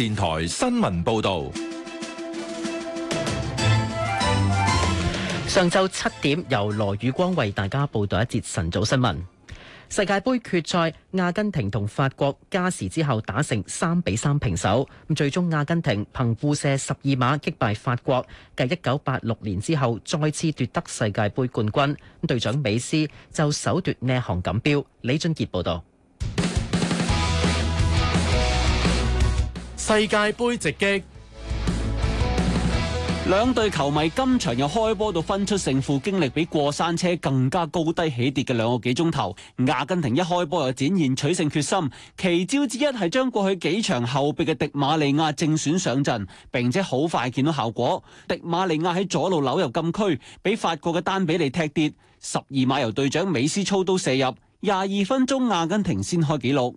電台新聞報道：上晝七點，由羅宇光為大家報道一節晨早新聞。世界杯決賽，阿根廷同法國加時之後打成三比三平手，咁最終阿根廷憑互射十二碼擊敗法國，繼一九八六年之後再次奪得世界杯冠軍。咁隊長美斯就首奪呢項錦標。李俊傑報道。世界杯直擊，兩隊球迷今場又開波到分出勝負，經歷比過山車更加高低起跌嘅兩個幾鐘頭。阿根廷一開波又展現取勝決心，奇招之一係將過去幾場後備嘅迪馬利亞正選上陣，並且好快見到效果。迪馬利亞喺左路扭入禁區，俾法國嘅丹比利踢跌，十二碼由隊長美斯操刀射入，廿二分鐘阿根廷先開紀錄。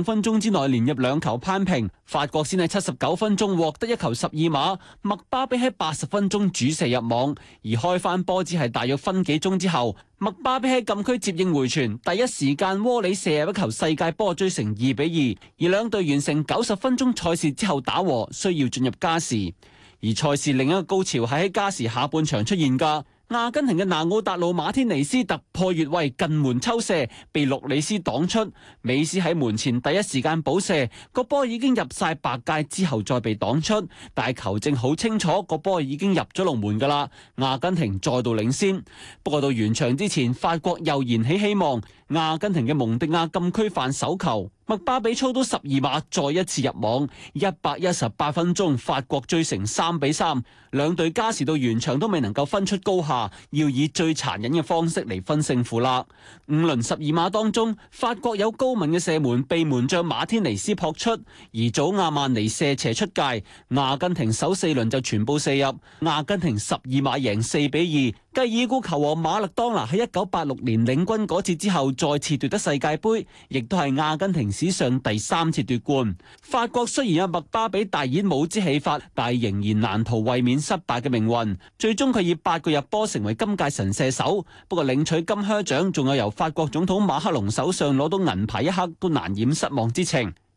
五分鐘之內連入兩球攀平，法國先喺七十九分鐘獲得一球十二碼，麥巴比喺八十分鐘主射入網而開翻波。只係大約分幾鐘之後，麥巴比喺禁區接應回傳第一時間窩里射入一球，世界波追成二比二，而兩隊完成九十分鐘賽事之後打和，需要進入加時，而賽事另一個高潮係喺加時下半場出現㗎。阿根廷嘅南奧達魯馬天尼斯突破越位近門抽射，被洛里斯擋出。美斯喺門前第一時間補射，個波已經入晒白界之後再被擋出，但係球證好清楚，個波已經入咗龍門㗎喇。阿根廷再度領先，不過到完場之前，法國又燃起希望。阿根廷嘅蒙迪亞禁區犯手球，麥巴比操刀十二碼再一次入網，一百一十八分鐘法國追成三比三，兩隊加時到完場都未能夠分出高下，要以最殘忍嘅方式嚟分勝負啦。五輪十二碼當中，法國有高文嘅射門被門將馬天尼斯撲出，而祖亞曼尼射斜出界，阿根廷首四輪就全部射入，阿根廷十二碼贏四比二。繼已故球王馬勒當拿喺一九八六年領軍嗰次之後，再次奪得世界盃，亦都係阿根廷史上第三次奪冠。法國雖然有麥巴比大演帽子戲法，但仍然難逃衛冕失敗嘅命運。最終佢以八個入波成為今屆神射手，不過領取金靴獎，仲有由法國總統馬克龍手上攞到銀牌一刻，都難掩失望之情。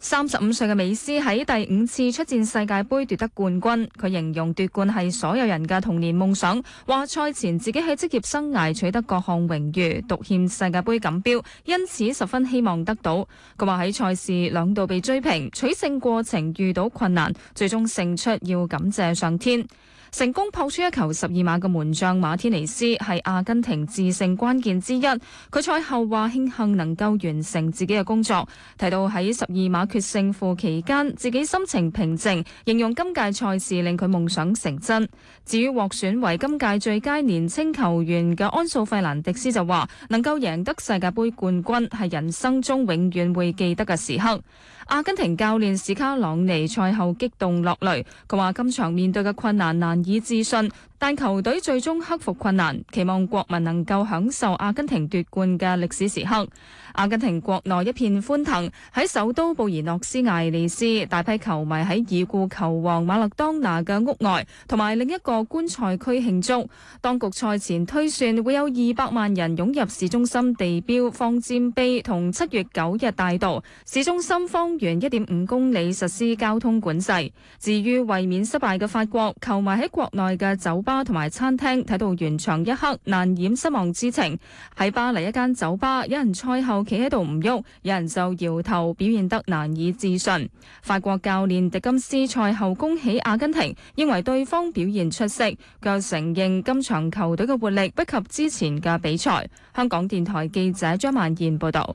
三十五歲嘅美斯喺第五次出戰世界杯，奪得冠軍，佢形容奪冠係所有人嘅童年夢想，話賽前自己喺職業生涯取得各項榮譽，獨欠世界杯錦標，因此十分希望得到。佢話喺賽事兩度被追平，取勝過程遇到困難，最終勝出要感謝上天。成功撲出一球十二碼嘅門將馬天尼斯係阿根廷致勝關鍵之一。佢賽後話慶幸能夠完成自己嘅工作，提到喺十二碼決勝負期間自己心情平靜，形容今屆賽事令佢夢想成真。至於獲選為今屆最佳年輕球員嘅安素費蘭迪斯就話：能夠贏得世界盃冠軍係人生中永遠會記得嘅時刻。阿根廷教練史卡朗尼賽後激動落淚，佢話今場面對嘅困難難以置信。但球隊最終克服困難，期望國民能夠享受阿根廷奪冠嘅歷史時刻。阿根廷國內一片歡騰，喺首都布宜諾斯艾利斯，大批球迷喺已故球王馬勒當拿嘅屋外同埋另一個觀賽區慶祝。當局賽前推算會有二百萬人湧入市中心地標方尖碑同七月九日大道，市中心方圓一點五公里實施交通管制。至於衛冕失敗嘅法國球迷喺國內嘅酒巴同埋餐廳睇到完場一刻，難掩失望之情。喺巴黎一間酒吧，有人賽後企喺度唔喐，有人就搖頭，表現得難以置信。法國教練迪金斯賽後恭喜阿根廷，認為對方表現出色，又承認今場球隊嘅活力不及之前嘅比賽。香港電台記者張曼燕報導。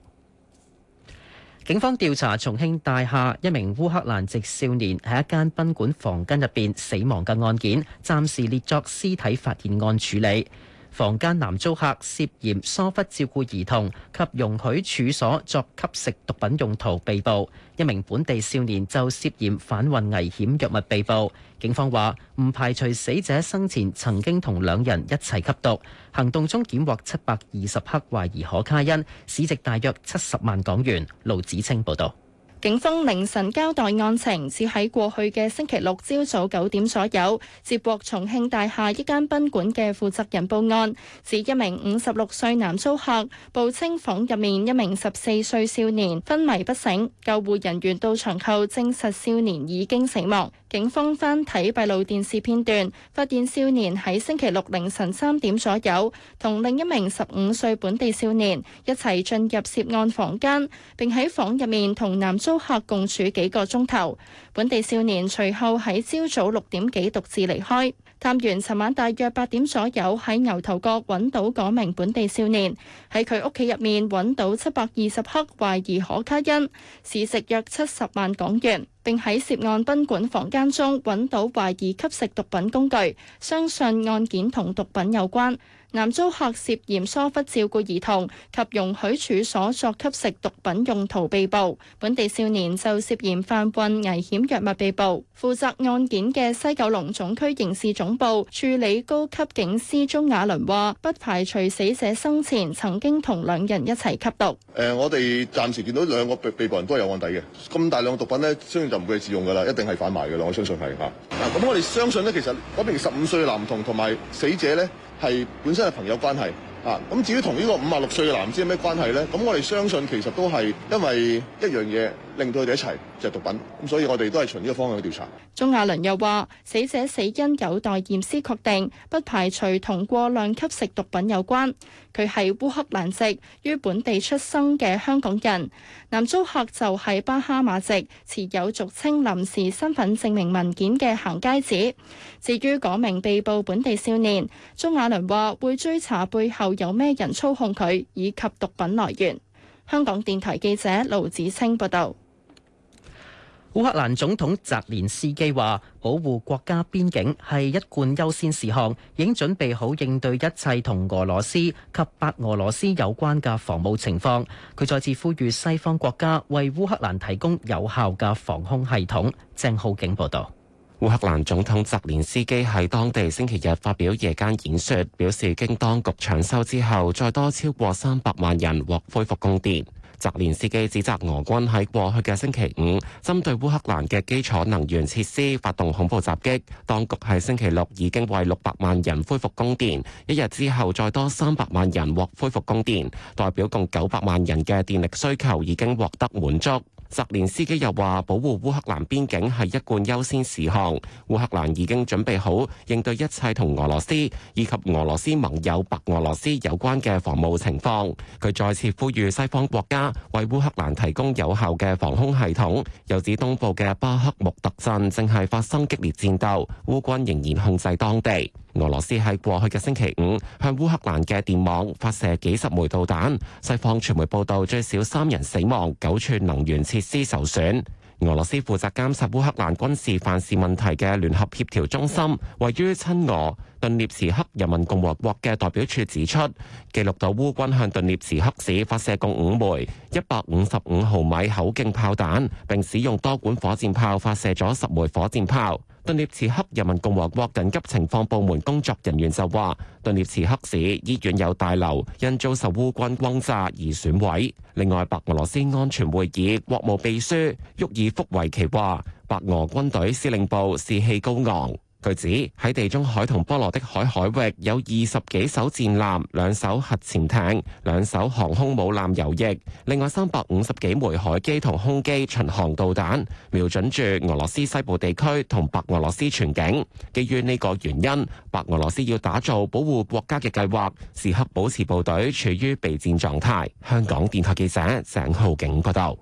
警方調查重慶大廈一名烏克蘭籍少年喺一間賓館房間入邊死亡嘅案件，暫時列作屍體發現案處理。房間男租客涉嫌疏忽照顧兒童及容許處所作吸食毒品用途被捕，一名本地少年就涉嫌販運危險藥物被捕。警方話唔排除死者生前曾經同兩人一齊吸毒。行動中檢獲七百二十克懷疑可卡因，市值大約七十萬港元。盧子清報導。警方凌晨交代案情，指喺過去嘅星期六朝早九點左右，接獲重慶大廈一間賓館嘅負責人報案，指一名五十六歲男租客報稱房入面一名十四歲少年昏迷不醒，救護人員到場後證實少年已經死亡。警方翻睇閉路電視片段，發現少年喺星期六凌晨三點左右，同另一名十五歲本地少年一齊進入涉案房間，並喺房入面同男租客共處幾個鐘頭。本地少年隨後喺朝早六點幾獨自離開。探員尋晚大約八點左右喺牛頭角揾到嗰名本地少年，喺佢屋企入面揾到七百二十克懷疑可卡因，時值約七十萬港元，並喺涉案賓館房間中揾到懷疑吸食毒品工具，相信案件同毒品有關。男租客涉嫌疏忽照顧兒童及容許處所作吸食毒品用途被捕，本地少年就涉嫌販運危險藥物被捕。負責案件嘅西九龍總區刑事總部處理高級警司鍾亞倫話，不排除死者生前曾經同兩人一齊吸毒。誒、呃，我哋暫時見到兩個被捕人都係有案底嘅，咁大量毒品呢，相信就唔會係自用噶啦，一定係販賣噶啦。我相信係嚇。嗱、啊，咁我哋相信呢，其實嗰名十五歲男童同埋死者呢，係本身係朋友關係。啊！咁、嗯、至於同呢個五十六歲嘅男子有咩關係呢？咁、嗯、我哋相信其實都係因為一樣嘢令到佢哋一齊就係、是、毒品。咁、嗯、所以我哋都係循呢個方向去調查。鍾亞倫又話：死者死因有待驗屍確定，不排除同過量吸食毒品有關。佢係烏克蘭籍，於本地出生嘅香港人。男租客就係巴哈馬籍，持有俗稱臨時身份證明文件嘅行街紙。至於嗰名被捕本地少年，鍾亞倫話會追查背後。有咩人操控佢以及毒品來源？香港電台記者盧子清報道。烏克蘭總統澤連斯基話：保護國家邊境係一貫優先事項，已經準備好應對一切同俄羅斯及白俄羅斯有關嘅防務情況。佢再次呼籲西方國家為烏克蘭提供有效嘅防空系統。鄭浩景報道。烏克蘭總統澤連斯基喺當地星期日發表夜間演說，表示經當局搶修之後，再多超過三百萬人獲恢復供電。澤連斯基指責俄軍喺過去嘅星期五針對烏克蘭嘅基礎能源設施發動恐怖襲擊，當局喺星期六已經為六百萬人恢復供電，一日之後再多三百萬人獲恢復供電，代表共九百萬人嘅電力需求已經獲得滿足。澤連斯基又話：保護烏克蘭邊境係一貫優先事項。烏克蘭已經準備好應對一切同俄羅斯以及俄羅斯盟友白俄羅斯有關嘅防務情況。佢再次呼籲西方國家為烏克蘭提供有效嘅防空系統。又指東部嘅巴克穆特鎮正係發生激烈戰鬥，烏軍仍然控制當地。俄羅斯喺過去嘅星期五向烏克蘭嘅電網發射幾十枚導彈。西方傳媒報道，最少三人死亡，九處能源設施受損。俄羅斯負責監察烏克蘭軍事犯事問題嘅聯合協調中心位於親俄頓涅茨克人民共和國嘅代表處指出，記錄到烏軍向頓涅茨克市發射共五枚一百五十五毫米口徑炮彈，並使用多管火箭炮發射咗十枚火箭炮。頓涅茨克人民共和國緊急情況部門工作人員就話，頓涅茨克市醫院有大樓因遭受烏軍轟炸而損毀。另外，白俄羅斯安全會議國務秘書沃爾福維奇話，白俄軍隊司令部士氣高昂。據指喺地中海同波羅的海海域有二十幾艘戰艦、兩艘核潛艇、兩艘航空母艦游弋，另外三百五十幾枚海基同空基巡航導彈瞄準住俄羅斯西部地區同白俄羅斯全境。基於呢個原因，白俄羅斯要打造保護國家嘅計劃，時刻保持部隊處於備戰狀態。香港電台記者鄭浩景報道。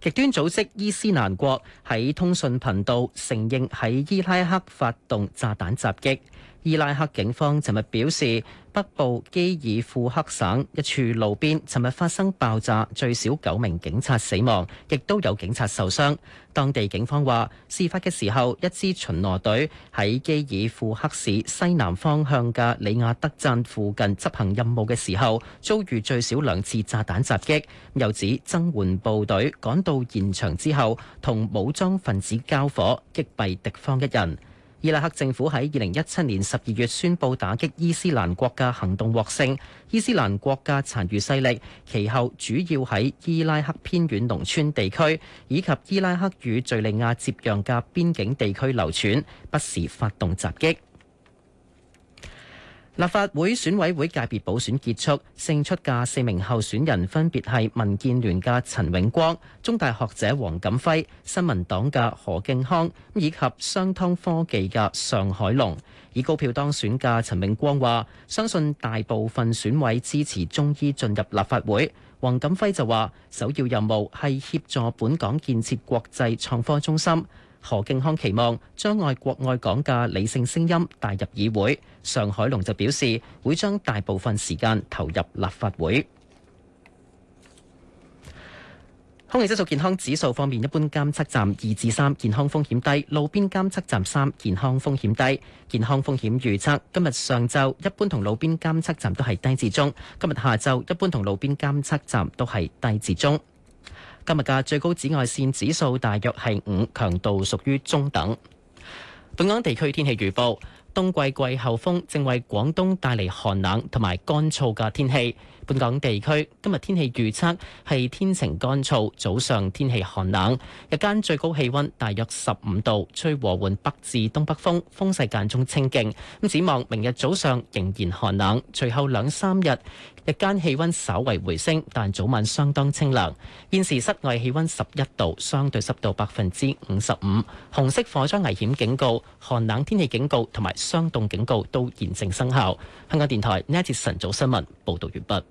極端組織伊斯蘭國喺通訊頻道承認喺伊拉克發動炸彈襲擊。伊拉克警方尋日表示，北部基爾庫克省一處路邊尋日發生爆炸，最少九名警察死亡，亦都有警察受傷。當地警方話，事發嘅時候，一支巡邏隊喺基爾庫克市西南方向嘅里亞德鎮附近執行任務嘅時候，遭遇最少兩次炸彈襲擊。又指增援部隊趕到現場之後，同武裝分子交火，擊斃敵方一人。伊拉克政府喺二零一七年十二月宣布打擊伊斯蘭國家行動獲勝，伊斯蘭國家殘餘勢力其後主要喺伊拉克偏遠農村地區以及伊拉克與敍利亞接壤嘅邊境地區流竄，不時發動襲擊。立法會選委會界別補選結束，勝出嘅四名候選人分別係民建聯嘅陳永光、中大學者黃錦輝、新民黨嘅何敬康，以及商湯科技嘅尚海龍。以高票當選嘅陳永光話：相信大部分選委支持中醫進入立法會。黃錦輝就話：首要任務係協助本港建設國際創科中心。何敬康期望將愛國愛港嘅理性聲音帶入議會。上海龍就表示會將大部分時間投入立法會。空氣質素健康指數方面，一般監測站二至三，健康風險低；路邊監測站三，健康風險低。健康風險預測今日上晝一般同路邊監測站都係低至中，今日下晝一般同路邊監測站都係低至中。今日嘅最高紫外線指數大約係五，強度屬於中等。本港地區天氣預報，冬季季候風正為廣東帶嚟寒冷同埋乾燥嘅天氣。本港地區今日天氣預測係天晴乾燥，早上天氣寒冷，日間最高氣温大約十五度，吹和緩北至東北風，風勢間中清勁。咁展望明日早上仍然寒冷，隨後兩三日日間氣温稍為回升，但早晚相當清涼。現時室外氣温十一度，相對濕度百分之五十五。紅色火災危險警告、寒冷天氣警告同埋霜凍警告都現正生效。香港電台呢一節晨早新聞報道完畢。